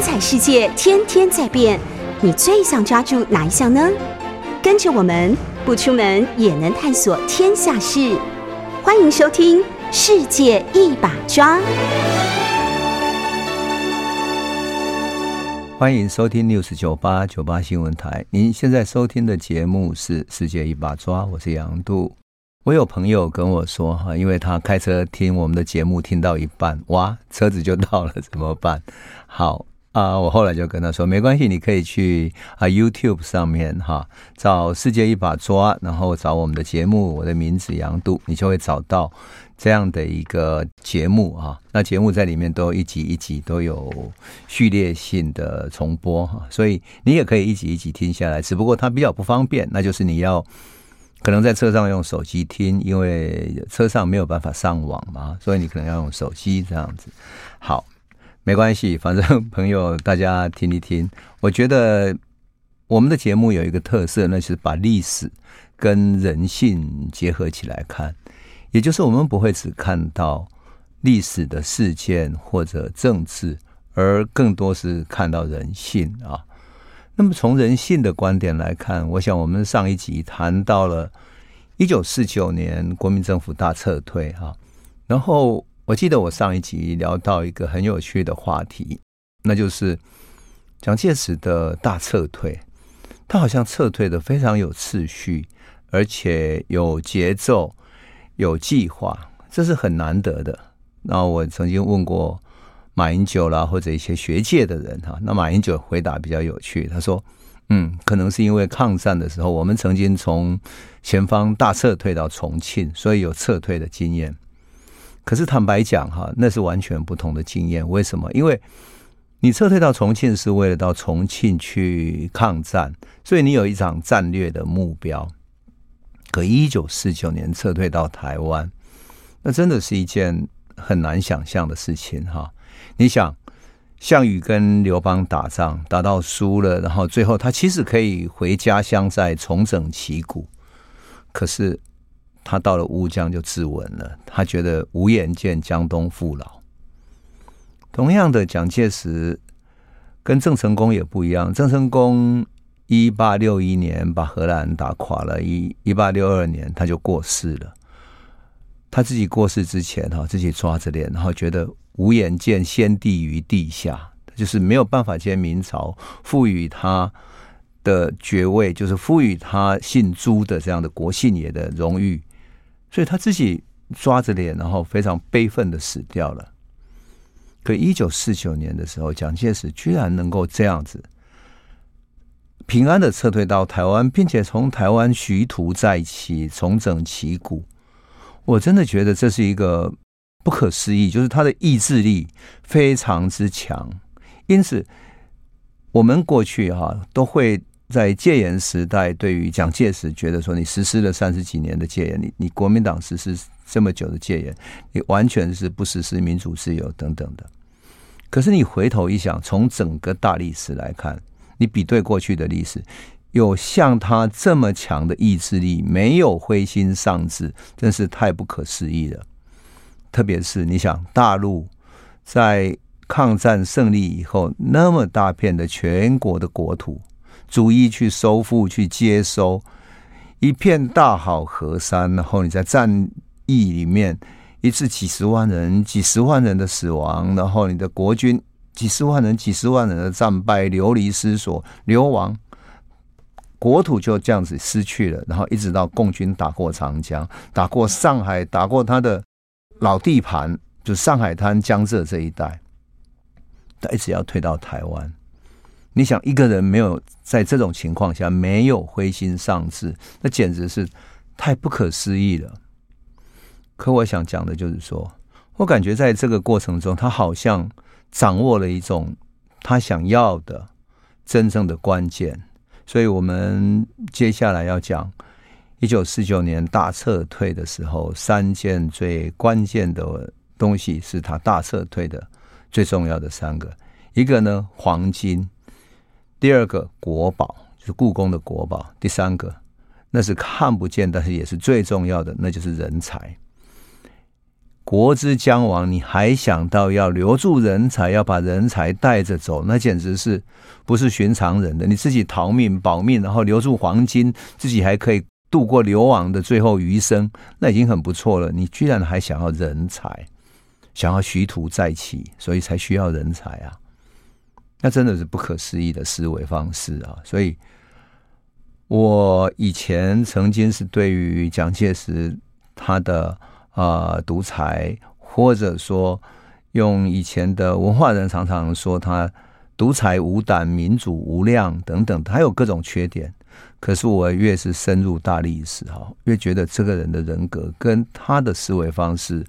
精彩世界天天在變，你最想抓住哪一項呢？跟着我們不出門也能探索天下事，歡迎收聽《世界一把抓》。歡迎收聽 News 九八九八新聞台，您現在收聽的節目是《世界一把抓》，我是楊渡。我有朋友跟我說，哈，因為他開車聽我們的節目聽到一半，哇，車子就到了，怎麼辦？好。啊、呃，我後來就跟他說，沒關係，你可以去啊 YouTube 上面哈，找世界一把抓，然後找我們的節目，我的名字楊渡，你就會找到這樣的一個節目啊。那節目在裡面都一集一集都有序列性的重播哈，所以你也可以一集一集聽下來。只不過它比較不方便，那就是你要可能在車上用手機聽，因為車上沒有辦法上網嘛，所以你可能要用手機這樣子。好。沒關係，反正朋友，大家聽一聽。我覺得我們的節目有一個特色，那就是把歷史跟人性結合起來看，也就是我們不會只看到歷史的事件或者政治，而更多是看到人性啊。那麼從人性的觀點來看，我想我們上一集談到了一九四九年國民政府大撤退哈，啊，然後。我記得我上一集聊到一個很有趣的話題，那就是蔣介石的大撤退。他好像撤退的非常有秩序，而且有節奏、有計劃，這是很難得的。那我曾經問過馬英九啦，或者一些學界的人哈、啊，那馬英九回答比較有趣，他說：“嗯，可能是因為抗戰的時候，我們曾經從前方大撤退到重慶，所以有撤退的經驗。”可是坦白講哈，那是完全不同的經驗。為什麼？因為你撤退到重慶是為了到重慶去抗戰，所以你有一場戰略的目標。可一九四九年撤退到台灣，那真的是一件很難想象的事情哈。你想，項羽跟劉邦打仗打到輸了，然後最後他其實可以回家鄉再重整旗鼓，可是，他到了烏江就自刎了。他覺得無顏見江東父老。同樣的，蔣介石跟鄭成功也不一樣。鄭成功一八六一年把荷蘭打垮了，一一八六二年他就過世了。他自己過世之前哈，自己抓着臉，然後覺得無顏見先帝於地下，就是沒有辦法接明朝賦予他的爵位，就是賦予他姓朱的這樣的國姓爺的榮譽。所以他自己抓着臉，然後非常悲憤的死掉了。可一九四九年的時候，蔣介石居然能夠這樣子平安的撤退到台灣，並且從台灣徐圖再起，重整旗鼓。我真的覺得這是一個不可思議，就是他的意志力非常之強。因此，我們過去哈、啊、都會。在戒嚴時代，對於蔣介石，覺得說你實施了三十幾年的戒嚴，你你國民黨實施這麼久的戒嚴，你完全是不實施民主自由等等的。可是你回頭一想，從整個大歷史來看，你比對過去的歷史，有像他這麼強的意志力，沒有灰心喪志，真是太不可思議了。特別是你想，大陸在抗戰勝利以後，那麼大片的全國的國土。逐一去收復，去接收一片大好河山，然後你在戰役裡面一次幾十萬人、幾十萬人的死亡，然後你的國軍幾十萬人、幾十萬人的戰敗、流離失所、流亡，國土就這樣子失去了，然後一直到共軍打過長江、打過上海、打過他的老地盤，就是上海灘、江浙這一帶，他一直要退到台灣。你想一個人沒有在這種情況下沒有灰心喪志，那簡直是太不可思議了。可我想講的就是說，我感覺在這個過程中，他好像掌握了一種他想要的真正的關鍵。所以我們接下來要講一九四九年大撤退的時候，三件最關鍵的東西是他大撤退的最重要的三個。一個呢，黃金。第二個國寶就是故宮的國寶，第三個那是看不見，但是也是最重要的，那就是人才。國之將亡，你還想到要留住人才，要把人才帶着走，那簡直是不是尋常人的？你自己逃命保命，然後留住黃金，自己還可以度過流亡的最後餘生，那已經很不錯了。你居然還想要人才，想要徐圖再起，所以才需要人才啊。那真的是不可思議的思維方式啊！所以，我以前曾經是對於蔣介石他的啊、呃、獨裁，或者說用以前的文化人常常說他獨裁無膽、民主無量等等，他有各種缺點。可是我越是深入大歷史，哈，越覺得這個人的人格跟他的思維方式，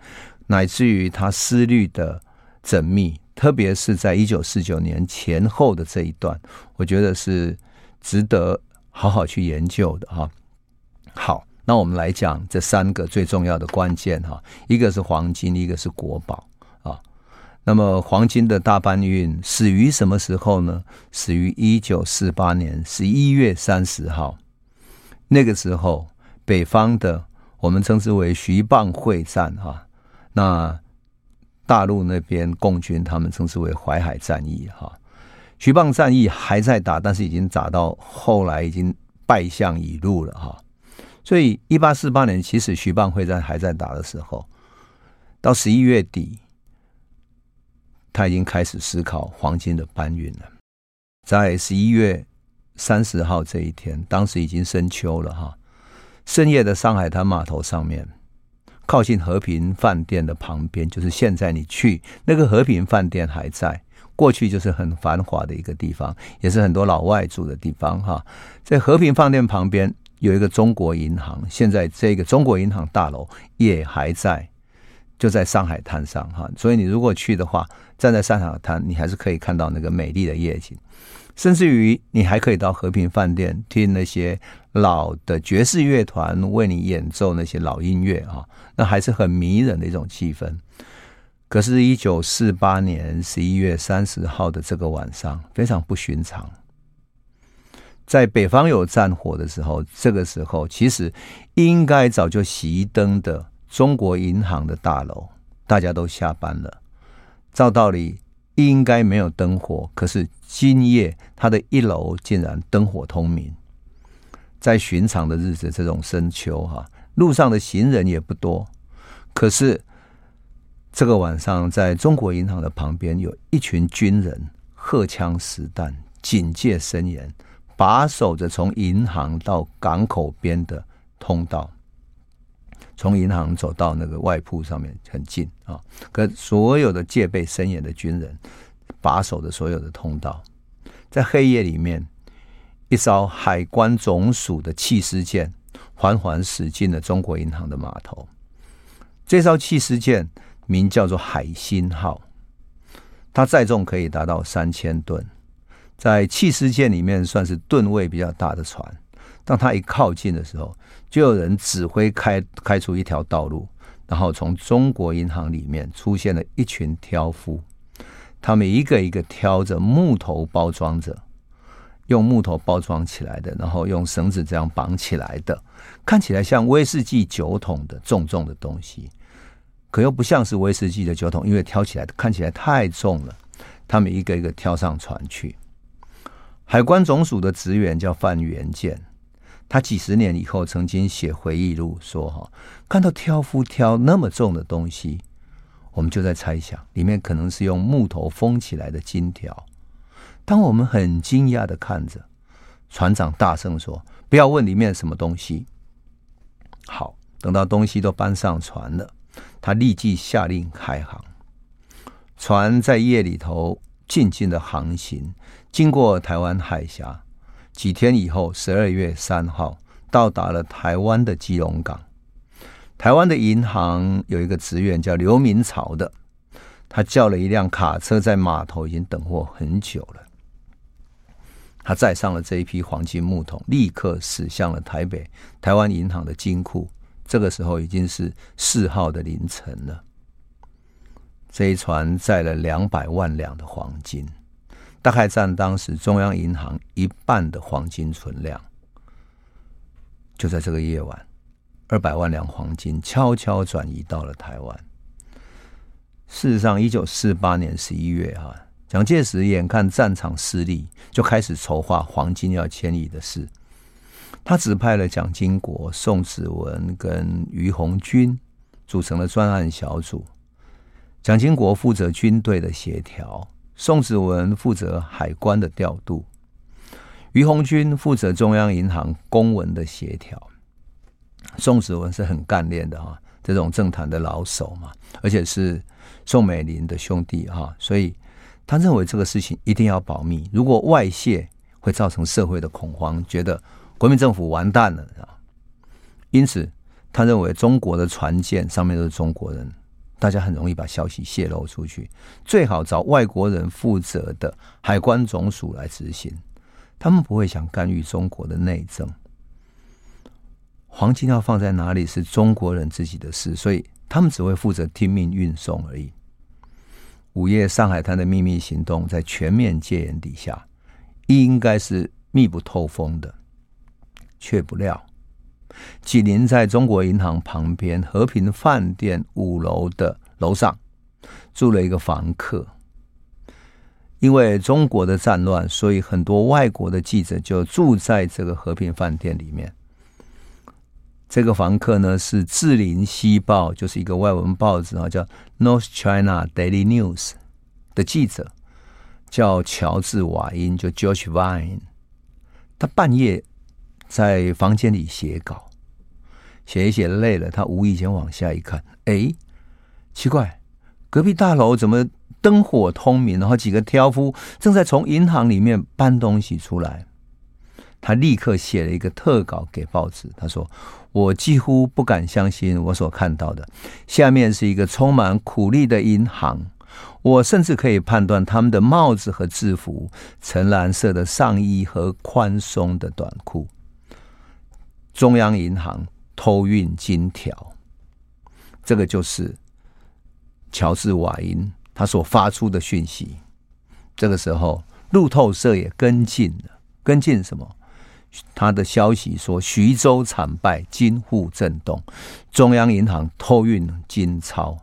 乃至於他思慮的縝密。特別是在一九四九年前後的這一段，我覺得是值得好好去研究的哈。好，那我們來講這三個最重要的關鍵哈，一個是黃金，一個是國寶啊。那麼黃金的大搬運始於什麼時候呢？始於一九四八年十一月三十號，那個時候北方的我們稱之為徐蚌會戰哈。那。大陸那邊，共軍他們稱之為淮海戰役，哈，徐蚌戰役還在打，但是已經打到後來已經敗相已露了，哈。所以，一八四八年，其實徐蚌會戰還在打的時候，到十一月底，他已經開始思考黃金的搬運了。在十一月三十號這一天，當時已經深秋了，哈，深夜的上海灘碼頭上面。靠近和平飯店的旁邊，就是現在你去那個和平飯店還在，過去就是很繁華的一個地方，也是很多老外住的地方哈。在和平飯店旁邊有一個中國銀行，現在這個中國銀行大樓也還在。就在上海灘上，哈，所以你如果去的話，站在上海灘，你還是可以看到那個美麗的夜景，甚至於你還可以到和平飯店聽那些老的爵士樂團為你演奏那些老音樂，哈，那還是很迷人的一種氣氛。可是，一九四八年十一月三十號的這個晚上非常不尋常，在北方有戰火的時候，這個時候其實應該早就熄燈的。中國銀行的大樓，大家都下班了。照道理應該沒有燈火，可是今夜它的一樓竟然燈火通明。在尋常的日子，這種深秋，啊，哈，路上的行人也不多。可是這個晚上，在中國銀行的旁邊，有一群軍人荷槍實彈，警戒森嚴，把守着從銀行到港口邊的通道。從銀行走到那個外鋪上面很近啊，跟所有的戒備森嚴的軍人把守的所有的通道，在黑夜裡面，一艘海關總署的緝私艦緩緩駛進了中國銀行的碼頭。這艘緝私艦名叫做“海星號”，它載重可以達到三千噸，在緝私艦裡面算是噸位比較大的船。當它一靠近的時候，就有人指揮開，開出一條道路，然後從中國銀行裡面出現了一群挑夫，他們一個一個挑着木頭包裝着，用木頭包裝起來的，然後用繩子這樣綁起來的，看起來像威士忌酒桶的重重的東西，可又不像是威士忌的酒桶，因為挑起來看起來太重了。他們一個一個挑上船去。海關總署的職員叫范元建。他幾十年以後曾經寫回憶錄說哈，看到挑夫挑那麼重的東西，我們就在猜想裡面可能是用木頭封起來的金條。當我們很驚訝的看着，船長大聲說：“不要問裡面什麼東西。”好，等到東西都搬上船了，他立即下令開航。船在夜裡頭靜靜的航行，經過台灣海峽。幾天以後，十二月三號到達了台灣的基隆港。台灣的銀行有一個職員叫劉明朝的，他叫了一輛卡車，在碼頭已經等候很久了。他載上了這一批黃金木桶，立刻駛向了台北台灣銀行的金庫。這個時候已經是四號的凌晨了。這一船載了兩百萬兩的黃金。大概佔當時中央銀行一半的黃金存量，就在這個夜晚，二百萬兩黃金悄悄轉移到了台灣。事實上，一九四八年十一月，哈，蔣介石眼看戰場失利，就開始籌劃黃金要遷移的事。他指派了蔣經國、宋子文跟俞鴻鈞組成了專案小組，蔣經國負責軍隊的協調。宋子文負責海關的調度，俞鴻鈞負責中央銀行公文的協調。宋子文是很幹練的哈，這種政壇的老手嘛，而且是宋美齡的兄弟哈，所以他認為這個事情一定要保密，如果外洩會造成社會的恐慌，覺得國民政府完蛋了啊。因此，他認為中國的船艦上面都是中國人。大家很容易把消息洩露出去，最好找外國人負責的海關總署來執行，他們不會想干預中國的內政。黃金要放在哪裡是中國人自己的事，所以他們只會負責聽命運送而已。午夜上海灘的秘密行動在全面戒嚴底下，應該是密不透風的，却不料。緊鄰在中國銀行旁邊和平飯店五樓的樓上住了一個房客，因為中國的戰亂，所以很多外國的記者就住在這個和平飯店裡面。這個房客呢，是《字林西報》，就是一個外文報紙啊，叫《North China Daily News》的記者，叫喬治·瓦因，就 George Vine。他半夜在房間裡寫稿。寫一寫累了，他無意間往下一看，哎、欸，奇怪，隔壁大樓怎麼燈火通明？然後幾個挑夫正在從銀行裡面搬東西出來。他立刻寫了一個特稿給報紙。他說：“我幾乎不敢相信我所看到的。下面是一個充滿苦力的銀行。我甚至可以判斷他們的帽子和制服，橙藍色的上衣和寬鬆的短褲。中央銀行。”偷運金條，這個就是喬治瓦因他所發出的訊息。這個時候，路透社也跟進了，跟進什麼？他的消息說徐州慘敗，京滬震動，中央銀行偷運金鈔。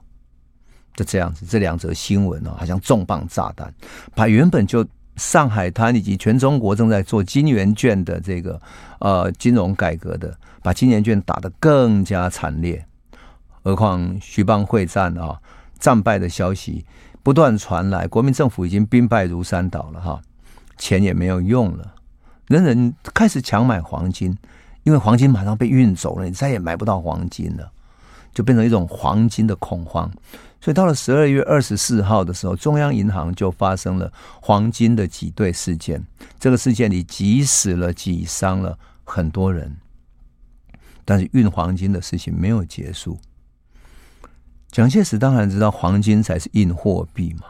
就這樣子，這兩則新聞呢、喔，好像重磅炸彈，把原本就上海灘以及全中國正在做金圓券的這個呃金融改革的。把金圓券打得更加慘烈，何況徐蚌會戰啊，戰敗的消息不斷傳來，國民政府已經兵敗如山倒了哈，錢也沒有用了，人人開始搶買黃金，因為黃金馬上被運走了，你再也買不到黃金了，就變成一種黃金的恐慌。所以到了十二月二十四號的時候，中央銀行就發生了黃金的擠兌事件，這個事件裡擠死了、擠傷了很多人。但是運黃金的事情沒有結束。蔣介石當然知道黃金才是硬貨幣嘛，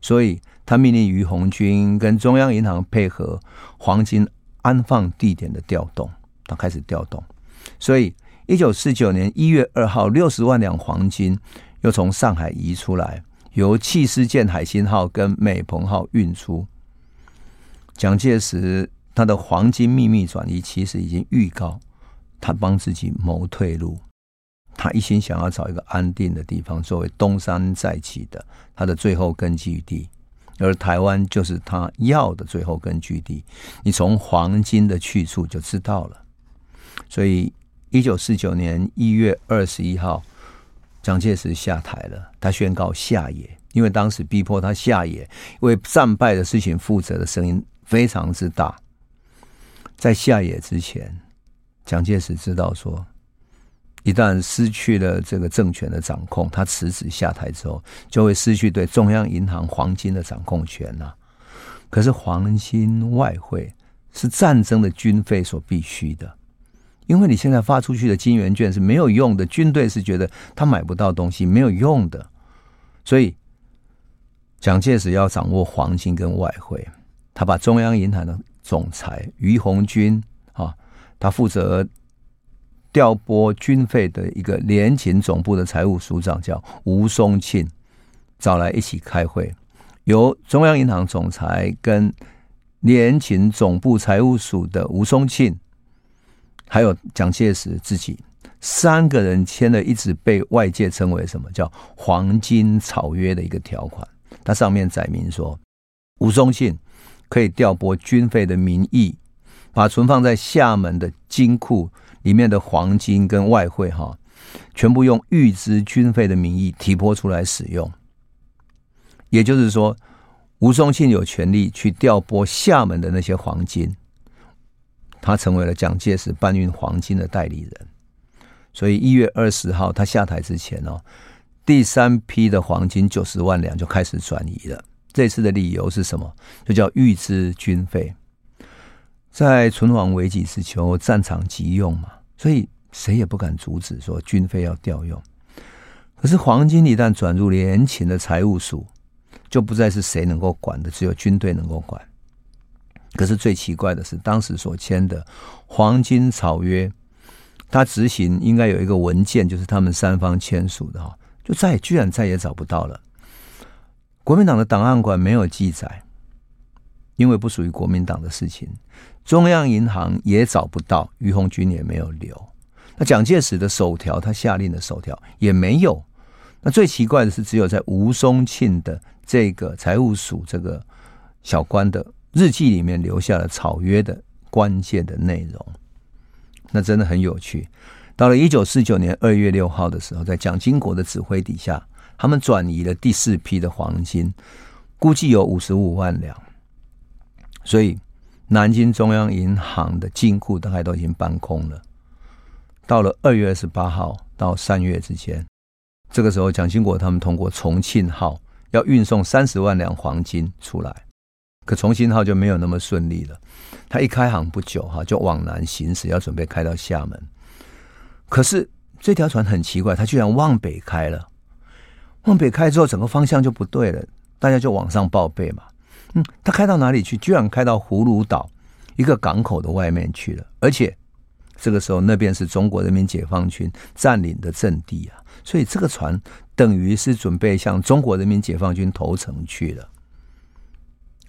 所以他命令俞鴻鈞跟中央銀行配合黃金安放地點的調動，他開始調動。所以一九四九年一月二號，六十萬兩黃金又從上海移出來，由緝私艦海星號跟美鵬號運出。蔣介石他的黃金秘密轉移其實已經預告。他幫自己謀退路，他一心想要找一個安定的地方作為東山再起的他的最後根據地，而台灣就是他要的最後根據地。你從黃金的去處就知道了。所以，一九四九年一月二十一號，蔣介石下台了，他宣告下野，因為當時逼迫他下野，因為戰敗的事情負責的聲音非常之大。在下野之前。蔣介石知道說，一旦失去了這個政權的掌控，他辭職下台之後，就會失去對中央銀行黃金的掌控權啊。可是黃金外匯是戰爭的軍費所必須的，因為你現在發出去的金圓券是沒有用的，軍隊是覺得他買不到東西，沒有用的。所以，蔣介石要掌握黃金跟外匯，他把中央銀行的總裁俞鴻鈞，他負責調撥軍費的一個聯勤總部的財務署長叫吳松慶，找來一起開會，由中央銀行總裁跟聯勤總部財務署的吳松慶，還有蔣介石自己三個人簽了一紙被外界稱為什麼叫“黃金草約”的一個條款。它上面載明說，吳松慶可以調撥軍費的名義。把存放在廈門的金庫裡面的黃金跟外匯，哈，全部用預支軍費的名義提撥出來使用。也就是說，吳嵩慶有權利去調撥廈門的那些黃金，他成為了蔣介石搬運黃金的代理人。所以，一月二十號他下台之前哦，第三批的黃金九十萬兩就開始轉移了。這次的理由是什麼？就叫預支軍費。在存亡危急之秋，戰場急用嘛，所以誰也不敢阻止說軍費要調用。可是黃金一旦轉入聯勤的財務署，就不再是誰能夠管的，只有軍隊能夠管。可是最奇怪的是，當時所簽的黃金草約，它執行應該有一個文件，就是他們三方簽署的哈，就再也，居然再也找不到了。國民黨的檔案館沒有記載，因為不屬於國民黨的事情。中央銀行也找不到，俞鴻鈞也沒有留。那蔣介石的手條，他下令的手條也沒有。那最奇怪的是，只有在吳嵩慶的這個財務署這個小官的日記裡面留下了草約的關鍵的內容。那真的很有趣。到了一九四九年二月六號的時候，在蔣經國的指揮底下，他們轉移了第四批的黃金，估計有五十五萬兩。所以。南京中央銀行的金庫大概都已經搬空了。到了二月二十八號到三月之間，這個時候蔣經國他們通過“重慶號”要運送三十萬兩黃金出來，可“重慶號”就沒有那麼順利了。他一開航不久哈，就往南行駛，要準備開到廈門。可是這條船很奇怪，他居然往北開了。往北開之後，整個方向就不對了，大家就往上報備嘛。嗯，他開到哪裡去？居然開到葫蘆島一個港口的外面去了，而且這個時候那邊是中國人民解放軍佔領的陣地啊，所以這個船等於是準備向中國人民解放軍投誠去了。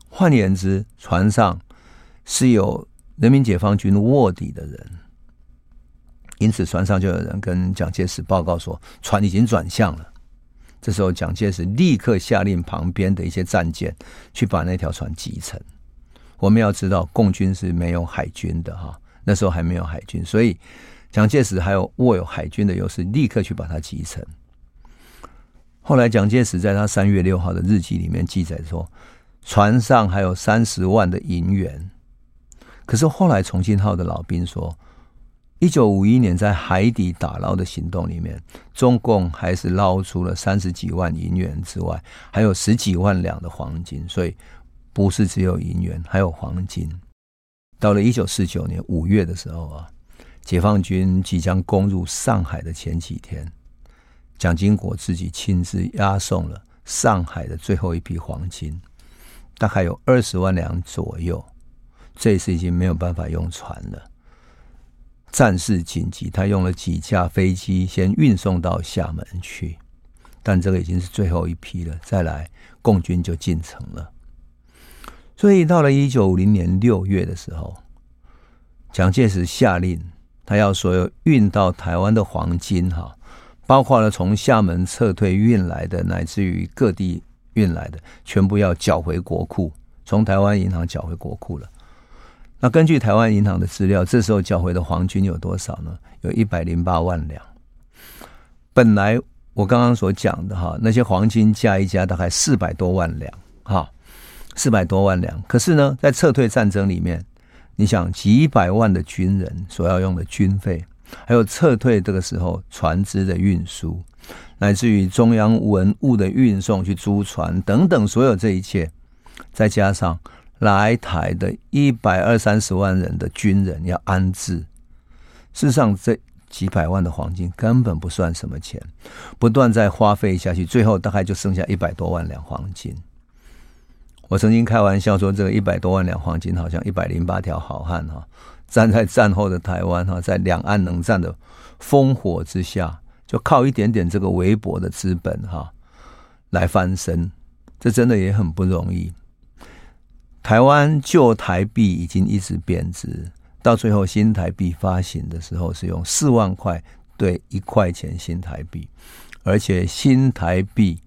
換言之，船上是有人民解放軍臥底的人，因此船上就有人跟蔣介石報告說，船已經轉向了。這時候，蔣介石立刻下令旁邊的一些戰艦去把那條船擊沉。我們要知道，共軍是沒有海軍的哈，那時候還沒有海軍，所以蔣介石還有握有海軍的優勢，立刻去把它擊沉。後來，蔣介石在他三月六號的日記裡面記載說，船上還有三十萬的銀元。可是後來，重慶號的老兵說，一九五一年在海底打撈的行動裡面，中共還是撈出了三十幾萬銀元之外，還有十幾萬兩的黃金。所以不是只有銀元，還有黃金。到了一九四九年五月的時候啊，解放軍即將攻入上海的前幾天，蔣經國自己親自押送了上海的最後一批黃金，大概有二十萬兩左右。這次已經沒有辦法用船了。戰事緊急，他用了幾架飛機先運送到廈門去，但這個已經是最後一批了。再來，共軍就進城了。所以到了一九五零年六月的時候，蔣介石下令，他要所有運到台灣的黃金，哈，包括了從廈門撤退運來的，乃至於各地運來的，全部要繳回國庫，從台灣銀行繳回國庫了。那根據台灣銀行的資料，這時候繳回的黃金有多少呢？有一百零八萬兩。本來我剛剛所講的哈，那些黃金加一加，大概四百多萬兩哈，四百多萬兩。可是呢，在撤退戰爭裡面，你想幾百萬的軍人所要用的軍費，還有撤退這個時候船隻的運輸，乃至於中央文物的運送、去租船等等，所有這一切，再加上。來台的一百二三十萬人的軍人要安置，事實上這幾百萬的黃金，根本不算什麼錢，不斷在花費下去，最後大概就剩下一百多萬兩黃金。我曾經開玩笑說，這個一百多萬兩黃金好像一百零八條好漢哈，站在戰後的台灣哈，在兩岸冷戰的烽火之下，就靠一點點這個微薄的資本哈來翻身，這真的也很不容易。台灣舊台幣已經一直貶值，到最後新台幣發行的時候是用四萬塊兌一塊錢新台幣，而且新台幣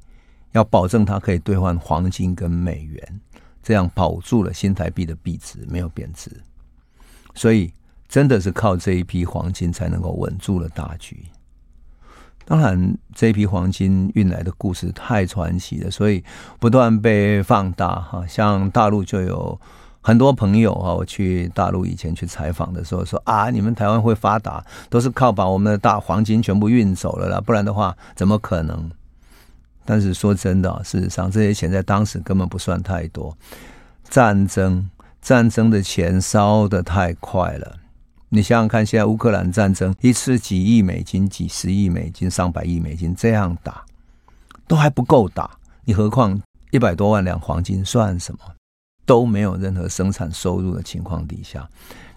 要保證它可以兌換黃金跟美元，這樣保住了新台幣的幣值，沒有貶值，所以真的是靠這一批黃金才能夠穩住了大局。當然，這批黃金運來的故事太傳奇了，所以不斷被放大哈。像大陸就有很多朋友啊，我去大陸以前去採訪的時候說：“啊，你們台灣會發達，都是靠把我們的大黃金全部運走了啦，不然的話怎麼可能？”但是說真的，事實上這些錢在當時根本不算太多，戰爭戰爭的錢燒的太快了。你想想看，現在烏克蘭戰爭一次幾億美金，幾十億美金，上百億美金這樣打，都還不夠打，你何況一百多萬兩黃金算什麼？都沒有任何生產收入的情況底下，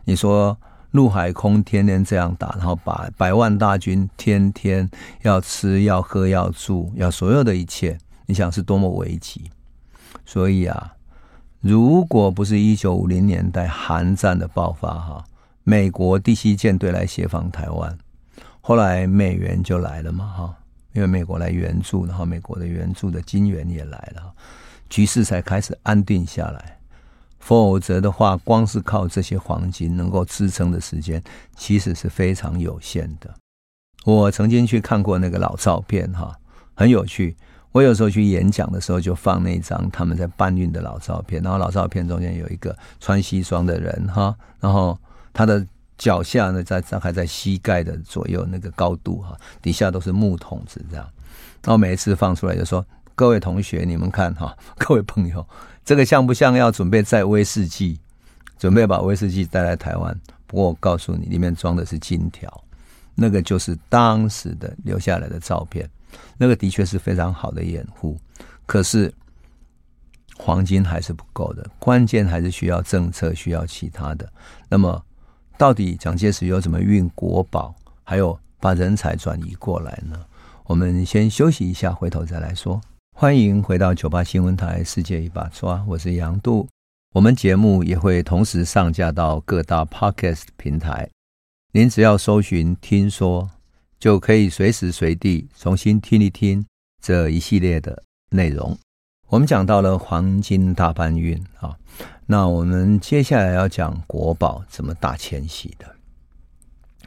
你說陸海空天天這樣打，然後把百萬大軍天天要吃、要喝、要住、要所有的一切，你想是多麼危急。所以啊，如果不是一九五零年代韓戰的爆發，哈。美國第七艦隊來協防台灣，後來美元就來了嘛，哈，因為美國來援助，然後美國的援助的金援也來了，局勢才開始安定下來。否則的話，光是靠這些黃金能夠支撐的時間，其實是非常有限的。我曾經去看過那個老照片，哈，很有趣。我有時候去演講的時候，就放那張他們在搬運的老照片，然後老照片中間有一個穿西裝的人，哈，然後。他的腳下呢，在大概在膝蓋的左右那個高度哈，底下都是木桶子這樣。然後每一次放出來就說：“各位同學，你們看哈、啊，各位朋友，這個像不像要準備載威士忌？準備把威士忌帶來台灣？不過我告訴你，裡面裝的是金條。那個就是當時的留下來的照片，那個的確是非常好的掩護。可是黃金還是不夠的，關鍵還是需要政策，需要其他的。那麼。”到底蔣介石又怎麼運國寶，還有把人才轉移過來呢？我們先休息一下，回頭再來說。歡迎回到九八新聞台世界一把抓，我是楊渡。我們節目也會同時上架到各大 Podcast 平臺，您只要搜尋“聽說”，就可以隨時隨地重新聽一聽這一系列的內容。我們講到了黃金大搬運啊，那我們接下來要講國寶怎麼大遷徙的。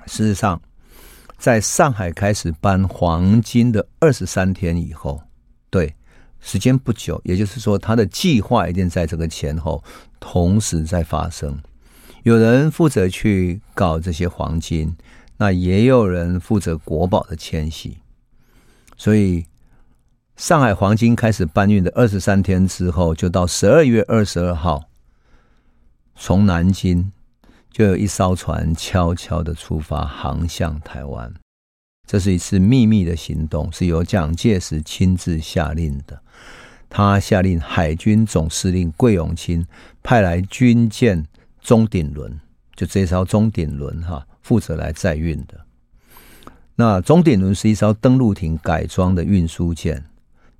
事實上，在上海開始搬黃金的二十三天以後，對，時間不久，也就是說，他的計劃一定在這個前後同時在發生。有人負責去搞這些黃金，那也有人負責國寶的遷徙，所以。上海黃金開始搬運的二十三天之後，就到十二月二十二號，從南京就有一艘船悄悄的出發，航向台灣。這是一次秘密的行動，是由蔣介石親自下令的。他下令海軍總司令桂永清派來軍艦中鼎輪，就這一艘中鼎輪哈，負責來載運的。那中鼎輪是一艘登陸艇改裝的運輸艦。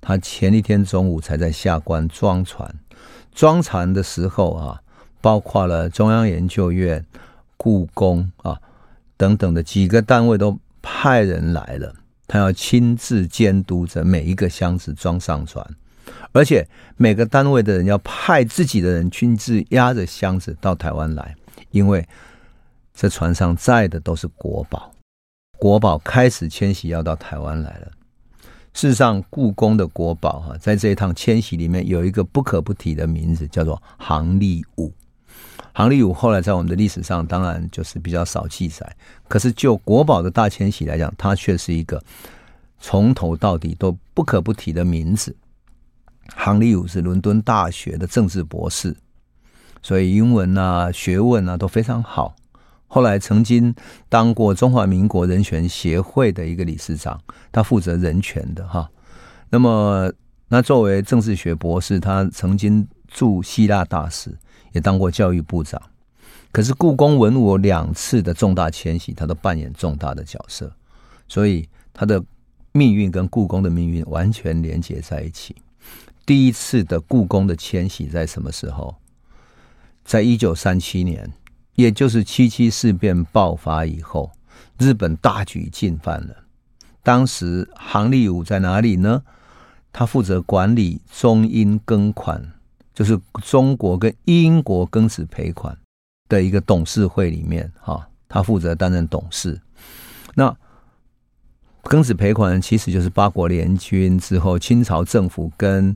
他前一天中午才在下關裝船，裝船的時候啊，包括了中央研究院、故宮啊等等的幾個單位都派人來了，他要親自監督着每一個箱子裝上船，而且每個單位的人要派自己的人親自押着箱子到台灣來，因為這船上載的都是國寶，國寶開始遷徙，要到台灣來了。事實上，故宮的國寶哈，在這一趟遷徙裡面，有一個不可不提的名字，叫做杭立武。杭立武後來在我們的歷史上，當然就是比較少記載。可是就國寶的大遷徙來講，它卻是一個從頭到底都不可不提的名字。杭立武是倫敦大學的政治博士，所以英文啊、學問啊都非常好。後來曾經當過中華民國人權協會的一個理事長，他負責人權的哈。那麼，那作為政治學博士，他曾經駐希臘大使，也當過教育部長。可是故宮文物兩次的重大遷徙，他都扮演重大的角色，所以他的命運跟故宮的命運完全連接在一起。第一次的故宮的遷徙在什麼時候？在一九三七年。也就是七七事變爆發以後，日本大舉進犯了。當時，杭立武在哪裡呢？他負責管理中英庚款，就是中國跟英國庚子賠款的一個董事會裡面，哈，他負責擔任董事。那庚子賠款其實就是八國聯軍之後，清朝政府跟。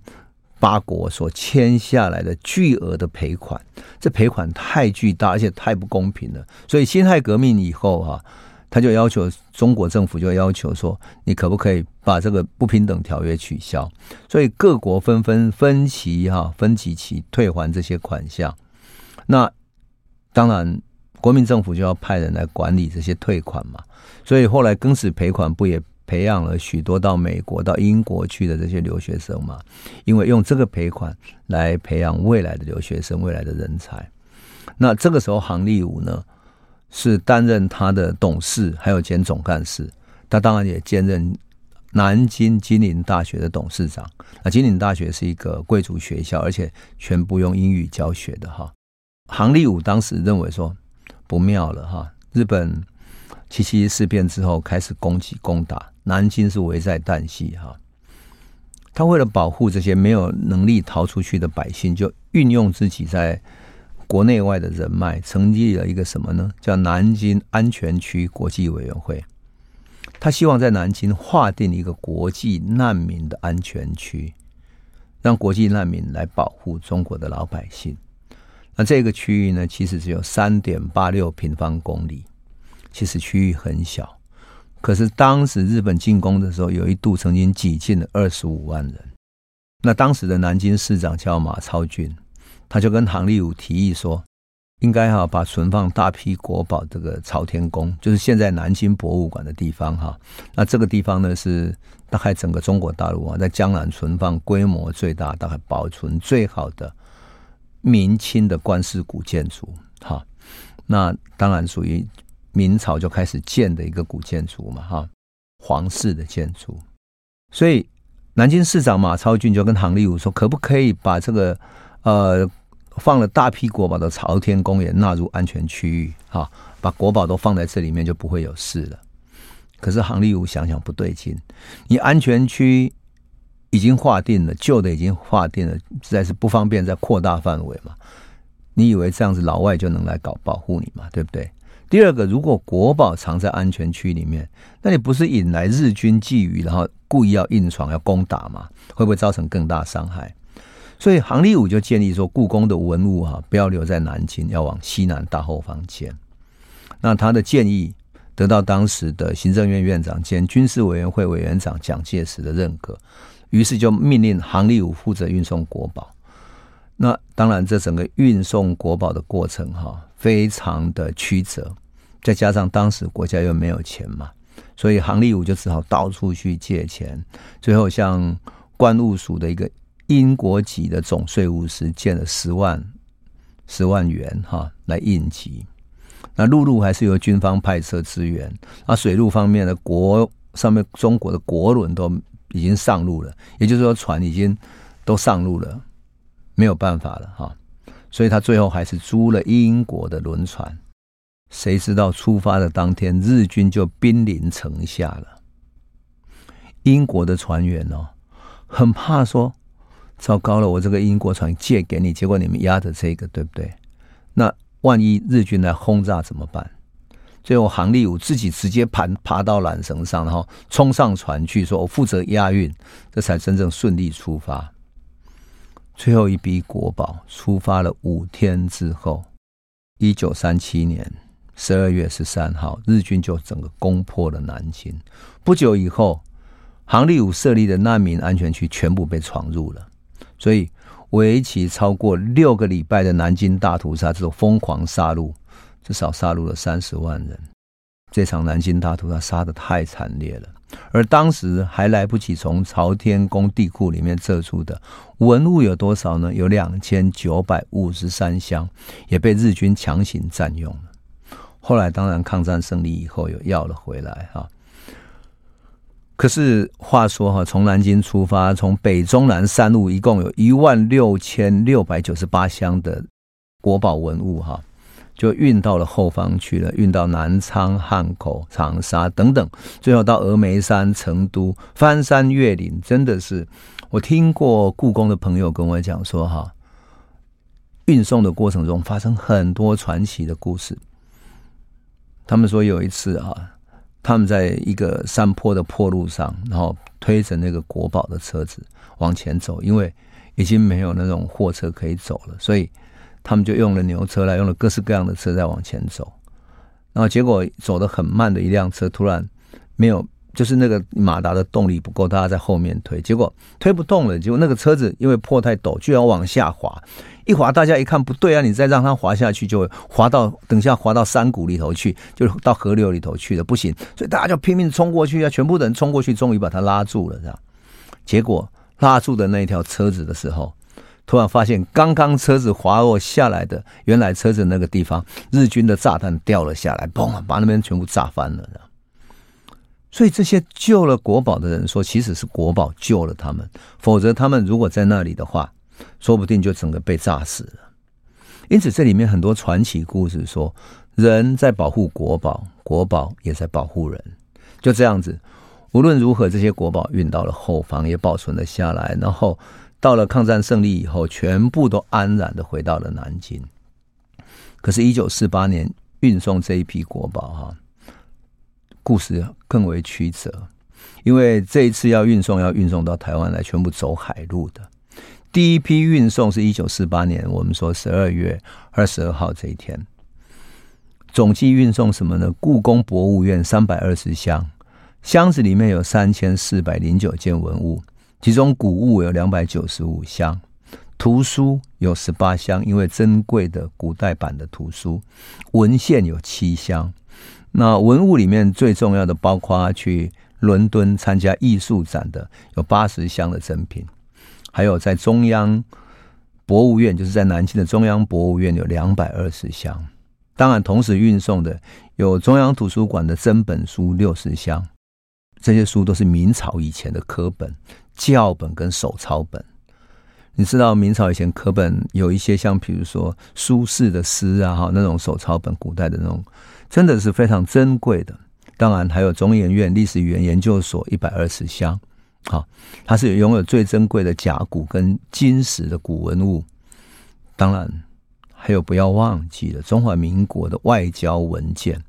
八國所簽下來的巨額的賠款，這賠款太巨大，而且太不公平了。所以辛亥革命以後，啊，哈，他就要求中國政府就要求說，你可不可以把這個不平等條約取消？所以各國紛紛分期，哈，分期期退還這些款項。那當然，國民政府就要派人來管理這些退款嘛。所以後來庚子賠款不也？培養了許多到美國、到英國去的這些留學生嘛，因為用這個賠款來培養未來的留學生、未來的人才。那這個時候，杭立武呢是擔任他的董事，還有兼總幹事。他當然也兼任南京金陵大學的董事長。那金陵大學是一個貴族學校，而且全部用英語教學的哈。杭立武當時認為說不妙了哈，日本七七事變之後開始攻擊攻打。南京是危在旦夕哈，他為了保護這些沒有能力逃出去的百姓，就運用自己在國內外的人脈，成立了一個什麼呢？叫南京安全區國際委員會。他希望在南京劃定一個國際難民的安全區，讓國際難民來保護中國的老百姓。那這個區域呢，其實只有三點八六平方公里，其實區域很小。可是當時日本進攻的時候，有一度曾經擠進了二十五萬人。那當時的南京市長叫馬超俊，他就跟唐立武提議說，應該哈把存放大批國寶這個朝天宮，就是現在南京博物館的地方哈。那這個地方呢，是大概整個中國大陸啊，在江南存放規模最大、大概保存最好的明清的官式古建築哈。那當然屬於。明朝就開始建的一個古建築嘛，哈、啊，皇室的建築。所以南京市長馬超俊就跟杭立武說：“可不可以把這個呃放了大批國寶的朝天宮也納入安全區域？哈、啊，把國寶都放在這裡面就不會有事了。”可是杭立武想想不對勁，你安全區已經劃定了，舊的已經劃定了，實在是不方便再擴大範圍嘛。你以為這樣子老外就能來搞保護你嘛？對不對？第二個，如果國寶藏在安全區裡面，那你不是引來日軍覬覦，然後故意要硬闖、要攻打嗎？會不會造成更大傷害？所以，杭立武就建議說，故宮的文物哈、啊，不要留在南京，要往西南大後方遷。那他的建議得到當時的行政院院長兼軍事委員會委員長蔣介石的認可，於是就命令杭立武負責運送國寶。那當然，這整個運送國寶的過程哈、啊。非常的曲折，再加上當時國家又沒有錢嘛，所以杭立武就只好到處去借錢。最後，向關務署的一個英國籍的總稅務師借了十萬十萬元哈來應急。那陸路還是由軍方派車支援，那水路方面的國上面中國的國輪都已經上路了，也就是說船已經都上路了，沒有辦法了哈。所以他最後還是租了英國的輪船，誰知道出發的當天日軍就兵臨城下了。英國的船員哦，很怕說，糟糕了，我這個英國船借給你，結果你們壓着這個，對不對？那萬一日軍來轟炸怎麼辦？最後，杭立武自己直接攀爬，爬到纜繩上，然後衝上船去，說我負責押運，這才真正順利出發。最後一批國寶出發了五天之後，一九三七年十二月十三號，日軍就整個攻破了南京。不久以後，杭立武設立的難民安全區全部被闖入了。所以，為期超過六個禮拜的南京大屠殺，這種瘋狂殺戮，至少殺戮了三十萬人。這場南京大屠殺殺的太慘烈了。而當時還來不及從朝天宮地庫裡面撤出的文物有多少呢？有兩千九百五十三箱，也被日軍強行佔用了。後來當然抗戰勝利以後又要了回來哈、啊。可是話說哈，從南京出發，從北中南三路一共有一萬六千六百九十八箱的國寶文物哈。啊就運到了後方去了，運到南昌、漢口、長沙等等，最後到峨眉山、成都，翻山越嶺，真的是。我聽過故宮的朋友跟我講說，哈、啊，運送的過程中發生很多傳奇的故事。他們說有一次啊，他們在一個山坡的破路上，然後推着那個國寶的車子往前走，因為已經沒有那種貨車可以走了，所以。他們就用了牛車來，用了各式各樣的車在往前走，然後結果走得很慢的一輛車，突然沒有，就是那個馬達的動力不夠，大家在後面推，結果推不動了。結果那個車子因為坡太陡，居然往下滑，一滑大家一看不對啊！你再讓它滑下去，就會滑到等下滑到山谷裡頭去，就到河流裡頭去了，不行。所以大家就拼命衝過去啊！全部的人衝過去，終於把它拉住了。這樣。結果拉住的那一條車子的時候。突然發現，剛剛車子滑落下來的，原來車子那個地方，日軍的炸彈掉了下來，嘣，把那邊全部炸翻了。所以這些救了國寶的人說，其實是國寶救了他們，否則他們如果在那裡的話，說不定就整個被炸死了。因此，這裡面很多傳奇故事說，人在保護國寶，國寶也在保護人，就這樣子。無論如何，這些國寶運到了後方，也保存了下來，然後。到了抗戰勝利以後，全部都安然的回到了南京。可是，一九四八年運送這一批國寶哈，故事更為曲折，因為這一次要運送，要運送到台灣來，全部走海路的。第一批運送是一九四八年，我們說十二月二十二號這一天，總計運送什麼呢？故宮博物院三百二十箱，箱子裡面有三千四百零九件文物。其中古物有兩百九十五箱，圖書有十八箱，因為珍貴的古代版的圖書文獻有七箱。那文物裡面最重要的，包括去倫敦參加藝術展的有八十箱的珍品，還有在中央博物院，就是在南京的中央博物院有兩百二十箱。當然，同時運送的有中央圖書館的珍本書六十箱。這些書都是明朝以前的刻本、校本跟手抄本。你知道明朝以前刻本有一些像，比如說蘇軾的詩啊，哈，那種手抄本，古代的那種，真的是非常珍貴的。當然還有中研院歷史語言研究所一百二十箱，哈，它是擁有最珍貴的甲骨跟金石的古文物。當然還有不要忘記的中華民國的外交文件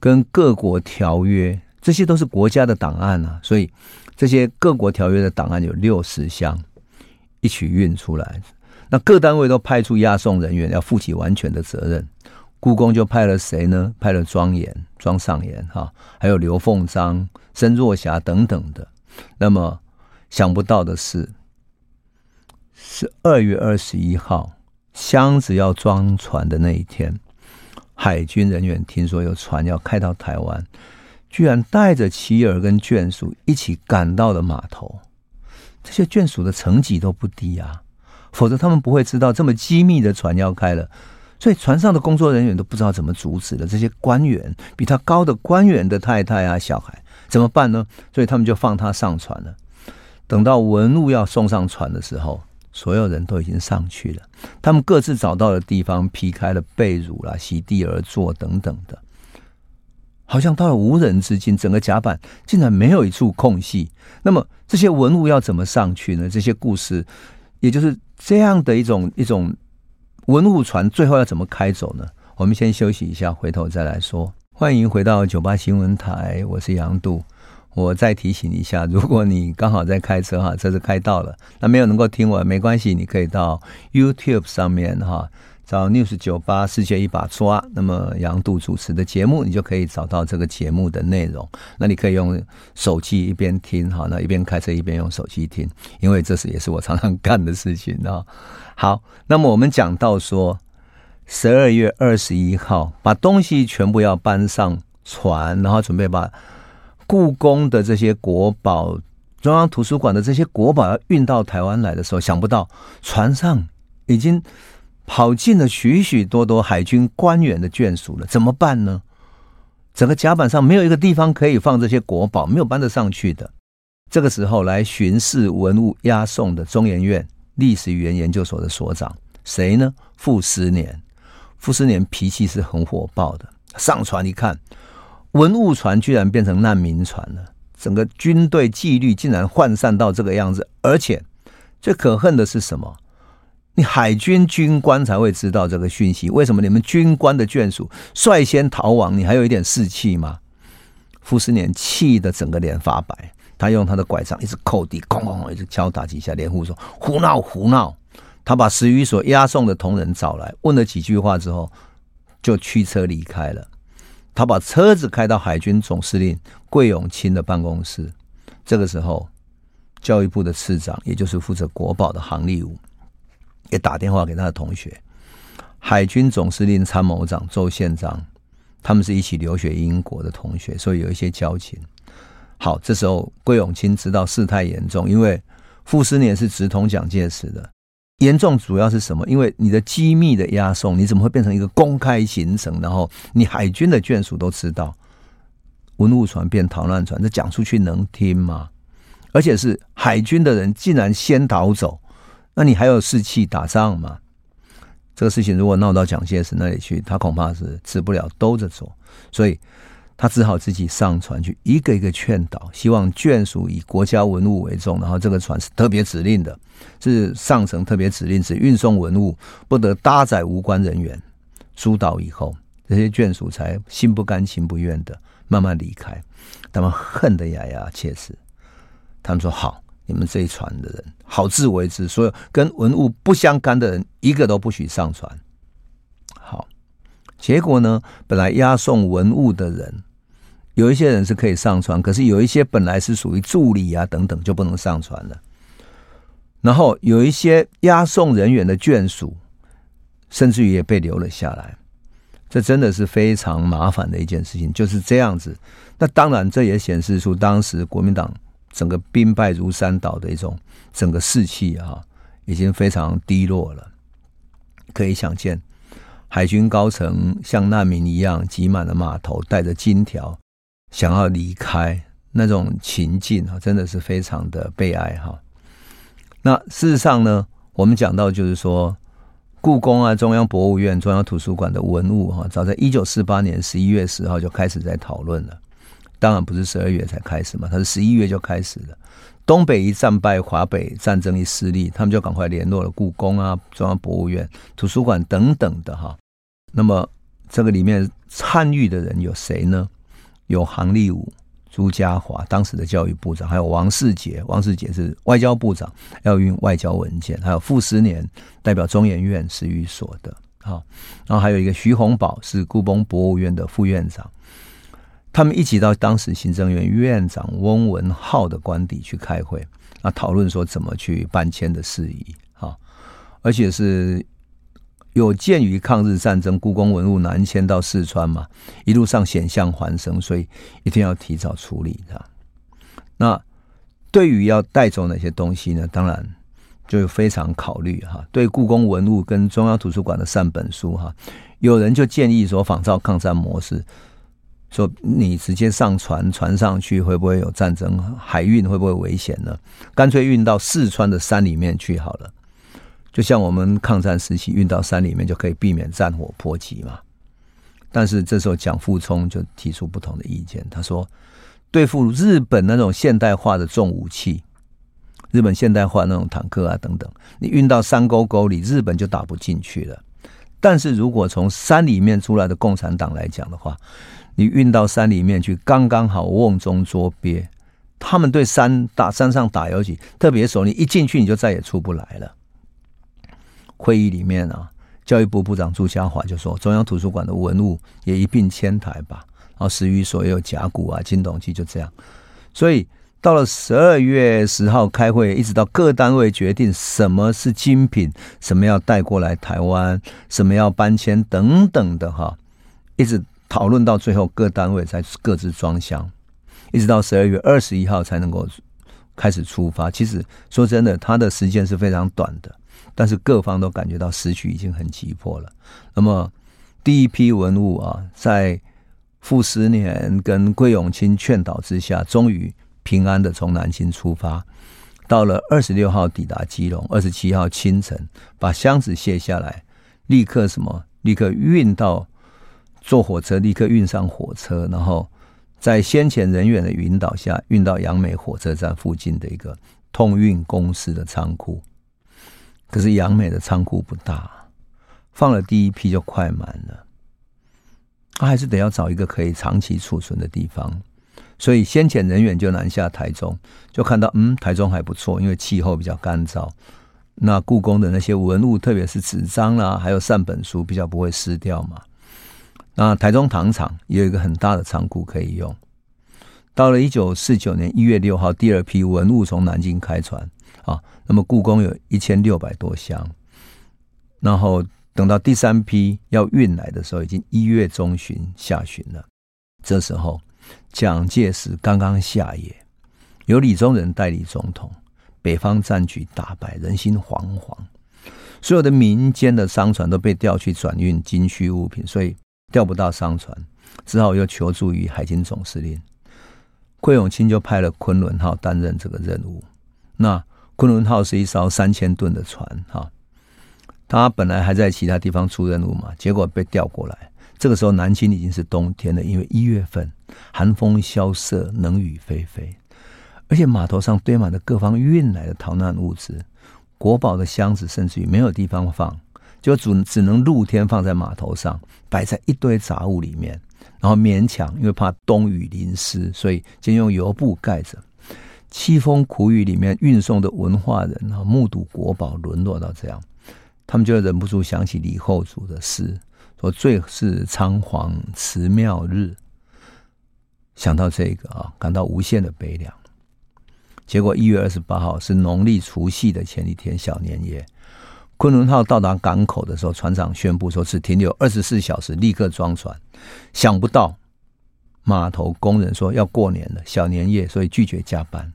跟各國條約。這些都是國家的檔案啊，所以這些各國條約的檔案有六十箱，一起運出來。那各單位都派出押送人員，要負起完全的責任。故宮就派了誰呢？派了莊嚴、莊尚嚴哈，還有劉鳳章、申若俠等等的。那麼想不到的是，十二月二十一號箱子要裝船的那一天，海軍人員聽說有船要開到台灣。居然帶着妻兒跟眷屬一起趕到了碼頭，這些眷屬的層級都不低啊，否則他們不會知道這麼機密的船要開了，所以船上的工作人員都不知道怎麼阻止了這些官員比他高的官員的太太啊、小孩怎麼辦呢？所以他們就放他上船了。等到文物要送上船的時候，所有人都已經上去了，他們各自找到了地方，劈開了被褥啦、啊，席地而坐等等的。好像到了無人之境，整個甲板竟然沒有一處空隙。那麼這些文物要怎麼上去呢？這些故事，也就是這樣的一種一種文物船，最後要怎麼開走呢？我們先休息一下，回頭再來說。歡迎回到九八新聞台，我是楊渡。我再提醒一下，如果你剛好在開車哈，車子開到了，那沒有能夠聽完，沒關係，你可以到 YouTube 上面哈。找 News98 世界一把抓，那麼楊渡主持的節目，你就可以找到這個節目的內容。那你可以用手機一邊聽，好，那一邊開車一邊用手機聽，因為這是也是我常常幹的事情啊。好，那麼我們講到說十二月二十一號，把東西全部要搬上船，然後準備把故宮的這些國寶、中央圖書館的這些國寶要運到台灣來的時候，想不到船上已經。跑進了許許多多海軍官員的眷屬了，怎麼辦呢？整個甲板上沒有一個地方可以放這些國寶，沒有搬得上去的。這個時候來巡視文物押送的中研院歷史語言研究所的所長，誰呢？傅斯年。傅斯年脾氣是很火爆的。上船一看，文物船居然變成難民船了，整個軍隊紀律竟然渙散到這個樣子，而且最可恨的是什麼？你海軍軍官才會知道這個訊息，為什麼你們軍官的眷屬率先逃亡？你還有一點士氣嗎？傅斯年氣得整個臉發白，他用他的拐杖一直叩地，哐哐哐一直敲打幾下，連呼說：“胡鬧，胡鬧！”他把十餘所押送的同仁找來，問了幾句話之後，就驅車離開了。他把車子開到海軍總司令桂永清的辦公室，這個時候，教育部的次長，也就是負責國寶的杭立武。也打電話給他的同學，海軍總司令參謀長周憲章，他們是一起留學英國的同學，所以有一些交情。好，這時候桂永清知道事態嚴重，因為傅斯年是直通蔣介石的。嚴重主要是什麼？因為你的機密的押送，你怎麼會變成一個公開行程？然後你海軍的眷屬都知道，文物船變逃難船，這講出去能聽嗎？而且是海軍的人竟然先逃走。那你還有士氣打仗嗎？這個事情如果鬧到蔣介石那裡去，他恐怕是吃不了兜着走，所以他只好自己上船去，一個一個勸導，希望眷屬以國家文物為重。然後這個船是特別指令的，是上層特別指令，是運送文物，不得搭載無關人員。疏導以後，這些眷屬才心不甘情不願的慢慢離開，他們恨得咬牙切齒。他們說好。你們這一船的人，好自為之。所有跟文物不相干的人，一個都不許上船。好，結果呢？本來押送文物的人，有一些人是可以上船，可是有一些本來是屬於助理啊等等，就不能上船了。然後有一些押送人員的眷屬，甚至於也被留了下來。這真的是非常麻煩的一件事情，就是這樣子。那當然，這也顯示出當時國民黨。整個兵敗如山倒的一種，整個士氣啊，已經非常低落了。可以想見，海軍高層像難民一樣擠滿了碼頭，帶着金條想要離開，那種情境啊，真的是非常的悲哀哈。那事實上呢，我們講到就是說，故宮啊、中央博物院、中央圖書館的文物哈，早在一九四八年十一月十號就開始在討論了。當然不是十二月才開始嘛，他是十一月就開始了。東北一戰敗，華北戰爭一失利，他們就趕快聯絡了故宮啊、中央博物院、圖書館等等的哈。那麼這個裡面參與的人有誰呢？有杭立武、朱家驊，當時的教育部長；還有王世杰，王世杰是外交部長，要運外交文件；還有傅斯年，代表中研院史語所的。哈，然後還有一個徐鴻寶，是故宮博物院的副院長。他們一起到當時行政院院長翁文浩的官邸去開會啊，討論說怎麼去搬遷的事宜啊。而且是有鑑於抗日戰爭故宮文物南遷到四川嘛，一路上險象環生，所以一定要提早處理它。那對於要帶走哪些東西呢？當然就非常考慮哈、啊。對故宮文物跟中央圖書館的善本書哈、啊，有人就建議說仿照抗戰模式。說你直接上船，船上去會不會有戰爭？海運會不會危險呢？乾脆運到四川的山裡面去好了。就像我們抗戰時期運到山裡面，就可以避免戰火波及嘛。但是這時候，蔣復璁就提出不同的意見。他說：“對付日本那種現代化的重武器，日本現代化那種坦克啊等等，你運到山溝溝裡，日本就打不進去了。但是如果從山裡面出來的共產黨來講的話，”你運到山裡面去，剛剛好甕中捉鱉。他們對山打山上打游擊，特別熟。你一進去，你就再也出不來了。會議裡面啊，教育部部長朱家驊就說：“中央圖書館的文物也一併遷台吧。”然後其餘所有甲骨啊、金銅器就這樣。所以到了十二月十號開會，一直到各單位決定什麼是精品，什麼要帶過來台灣，什麼要搬遷等等的哈、啊，一直。討論到最後，各單位才各自裝箱，一直到十二月二十一號才能夠開始出發。其實說真的，它的時間是非常短的，但是各方都感覺到時局已經很急迫了。那麼第一批文物啊，在傅斯年跟桂永清勸導之下，終於平安的從南京出發，到了二十六號抵達基隆，二十七號清晨把箱子卸下來，立刻什麼，立刻運到。坐火車立刻運上火車，然後在先遣人員的引導下，運到楊梅火車站附近的一個通運公司的倉庫。可是楊梅的倉庫不大，放了第一批就快滿了，他、啊、還是得要找一個可以長期儲存的地方。所以先遣人員就南下台中，就看到嗯，台中還不錯，因為氣候比較乾燥。那故宮的那些文物，特別是紙張啦，還有善本書，比較不會濕掉嘛。那台中糖廠也有一個很大的倉庫可以用。到了一九四九年一月六號，第二批文物從南京開船啊。那麼故宮有一千六百多箱，然後等到第三批要運來的時候，已經一月中旬下旬了。這時候蔣介石剛剛下野，由李宗仁代理總統，北方戰局大敗，人心惶惶，所有的民間的商船都被調去轉運軍需物品，所以。調不到商船，只好又求助於海軍總司令桂永清，就派了崑崙號擔任這個任務。那崑崙號是一艘三千噸的船，哈，他本來還在其他地方出任務嘛，結果被調過來。這個時候南京已經是冬天了，因為一月份寒風蕭瑟，冷雨霏霏，而且碼頭上堆滿了各方運來的逃難物資，國寶的箱子甚至於沒有地方放。就只，只能露天放在碼頭上，擺在一堆雜物裡面，然後勉強，因為怕冬雨淋濕，所以就用油布蓋着。淒風苦雨裡面運送的文化人啊，目睹國寶淪落到這樣，他們就忍不住想起李後主的詩，說“最是倉皇辭廟日”，想到這個啊，感到無限的悲涼。結果一月二十八號是農曆除夕的前一天，小年夜。昆崙號到達港口的時候，船長宣布說只停留二十四小時，立刻裝船。想不到碼頭工人說要過年了，小年夜，所以拒絕加班。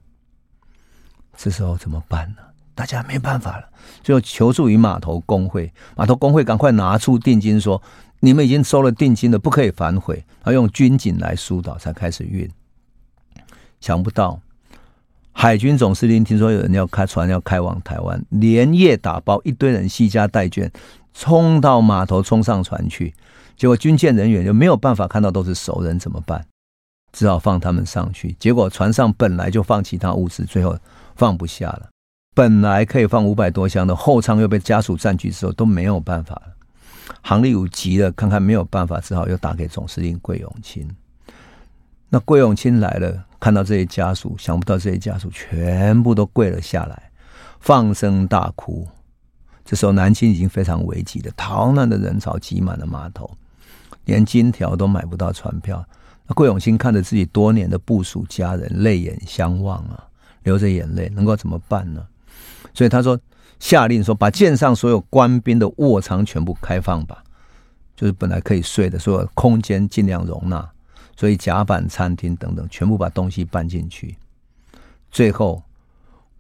這時候怎麼辦呢、啊？大家沒辦法了，最後求助於碼頭工會。碼頭工會趕快拿出定金說，說你們已經收了定金了，不可以反悔。他用軍警來疏導，才開始運。想不到。海軍總司令聽說有人要開船，要開往台灣，連夜打包一堆人，攜家帶眷，衝到碼頭，衝上船去。結果軍艦人員就沒有辦法，看到都是熟人，怎麼辦？只好放他們上去。結果船上本來就放其他物資，最後放不下了。本來可以放五百多箱的後艙又被家屬占據，之後都沒有辦法了。杭立武急了，看看沒有辦法，只好又打給總司令桂永清。那桂永清來了。看到這些家屬，想不到這些家屬全部都跪了下來，放聲大哭。這時候南京已經非常危急了，逃難的人潮擠滿了碼頭，連金條都買不到船票。那桂永清看着自己多年的部屬，家人，淚眼相望啊，流着眼淚，能夠怎麼辦呢？所以他說，下令說，把艦上所有官兵的臥艙全部開放吧，就是本來可以睡的，所有空間儘量容納。所以甲板餐廳等等，全部把東西搬進去。最後，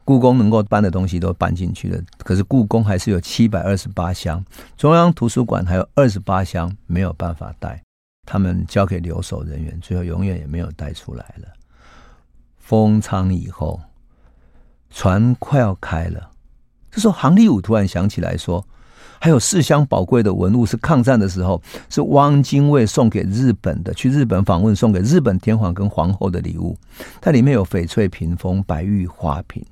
故宮能夠搬的東西都搬進去了，可是故宮還是有七百二十八箱，中央圖書館還有二十八箱沒有辦法帶，他們交給留守人員，最後永遠也沒有帶出來了。封艙以後，船快要開了，這時候，杭立武突然想起來說。還有四箱寶貴的文物，是抗戰的時候，是汪精衛送給日本的，去日本訪問送給日本天皇跟皇後的禮物。它裡面有翡翠屏風、白玉花瓶，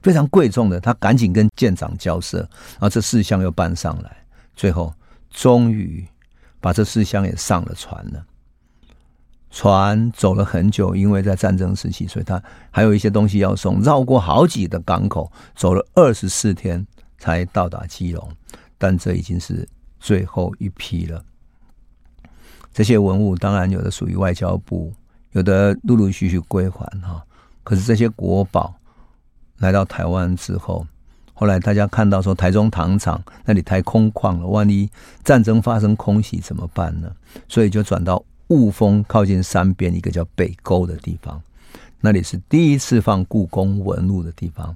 非常貴重的。他趕緊跟艦長交涉，然後這四箱又搬上來，最後終於把這四箱也上了船了。船走了很久，因為在戰爭時期，所以他還有一些東西要送，繞過好幾個港口，走了二十四天才到達基隆。但這已經是最後一批了。這些文物當然有的屬於外交部，有的陸陸續續歸還哈。可是這些國寶來到台灣之後，後來大家看到說，台中糖廠那裡太空曠了，萬一戰爭發生空襲怎麼辦呢？所以就轉到霧峰靠近山邊一個叫北溝的地方，那裡是第一次放故宮文物的地方。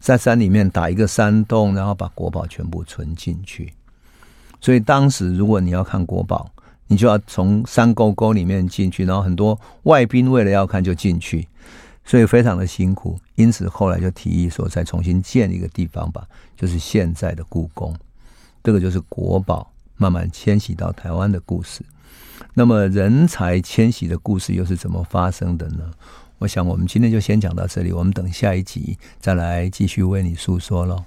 在山裡面打一個山洞，然後把國寶全部存進去。所以當時如果你要看國寶，你就要從山溝溝裡面進去。然後很多外賓為了要看就進去，所以非常的辛苦。因此後來就提議說，再重新建一個地方吧，就是現在的故宮。這個就是國寶慢慢遷徙到台灣的故事。那麼人才遷徙的故事又是怎麼發生的呢？我想，我們今天就先講到這裡。我們等下一集再來繼續為你訴說嘍。